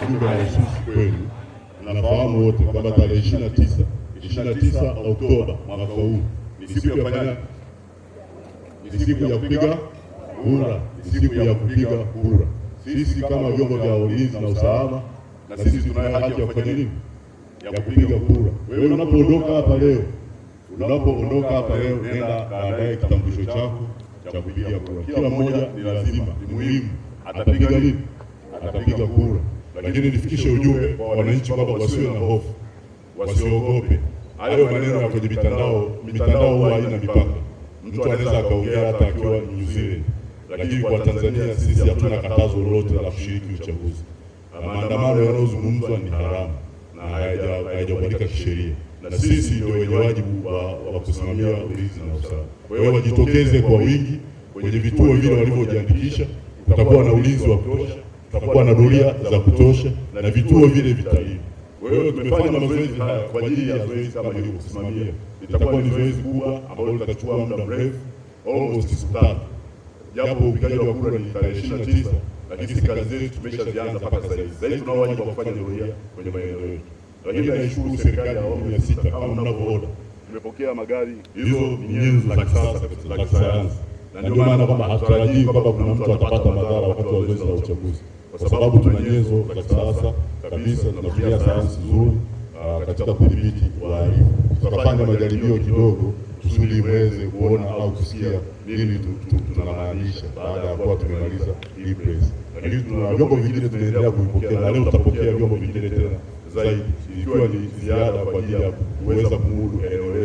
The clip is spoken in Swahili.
Tuko mahususi kwenu, nafahamu wote kwamba tarehe ishirini na tisa ishirini na tisa Oktoba mwaka huu ni siku ya ni siku ya kupiga kura, ni siku ya kupiga kura. Sisi kama vyombo vya ulinzi na usalama, na sisi tunayo haki ya kufanya nini? Ya kupiga kura. Wewe unapoondoka hapa leo, unapoondoka hapa leo, nenda kaandae kitambulisho chako cha kupigia kura. Kila mmoja ni lazima, ni muhimu, atapiga nini? Atapiga kura, lakini nifikishe ujumbe kwa wananchi kwamba wasiwe na hofu, wasiogope hayo maneno ya kwenye mitandao. Mitandao huwa haina mipaka, mtu anaweza akaongea hata akiwa New Zealand, lakini kwa Tanzania sisi hatuna katazo lolote la kushiriki uchaguzi, na maandamano yanayozungumzwa ni haramu na hayajakubalika kisheria, na sisi ndio wenye wajibu wa kusimamia ulinzi na usalama. Kwa hiyo wajitokeze kwa wingi kwenye vituo vile walivyojiandikisha, kutakuwa na ulinzi wa kutosha, kutakuwa na doria za kutosha na vituo vile vitalii. Kwa hiyo tumefanya mazoezi haya kwa ajili ya zoezi kama hili, kusimamia litakuwa ni zoezi kubwa ambalo litachukua muda mrefu, almost siku tatu, japo upigaji wa kura ni tarehe ishirini na tisa lakini sisi kazi zetu tumeshazianza mpaka sasa hivi. Sasa hivi tunao wajibu wa kufanya doria kwenye maeneo yetu, lakini naishukuru serikali ya awamu ya sita, kama mnavyoona tumepokea magari, hizo ni nyenzo za kisasa za kisayansi, na ndio maana kwamba hatutarajii kwamba kuna mtu atapata madhara wakati wa zoezi la uchaguzi, kwa sababu tuna nyenzo za kisasa kabisa, tunatumia sayansi nzuri ah, katika kudhibiti wahalifu. Tutafanya majaribio kidogo kusudi mweze kuona au kusikia nini tunamaanisha baada ya kuwa tumemaliza hii press. Lakini tuna vyombo vingine tunaendelea kuipokea, na leo tutapokea vyombo vingine tena zaidi, ikiwa ni ziada kwa ajili ya kuweza kumudu eneo letu.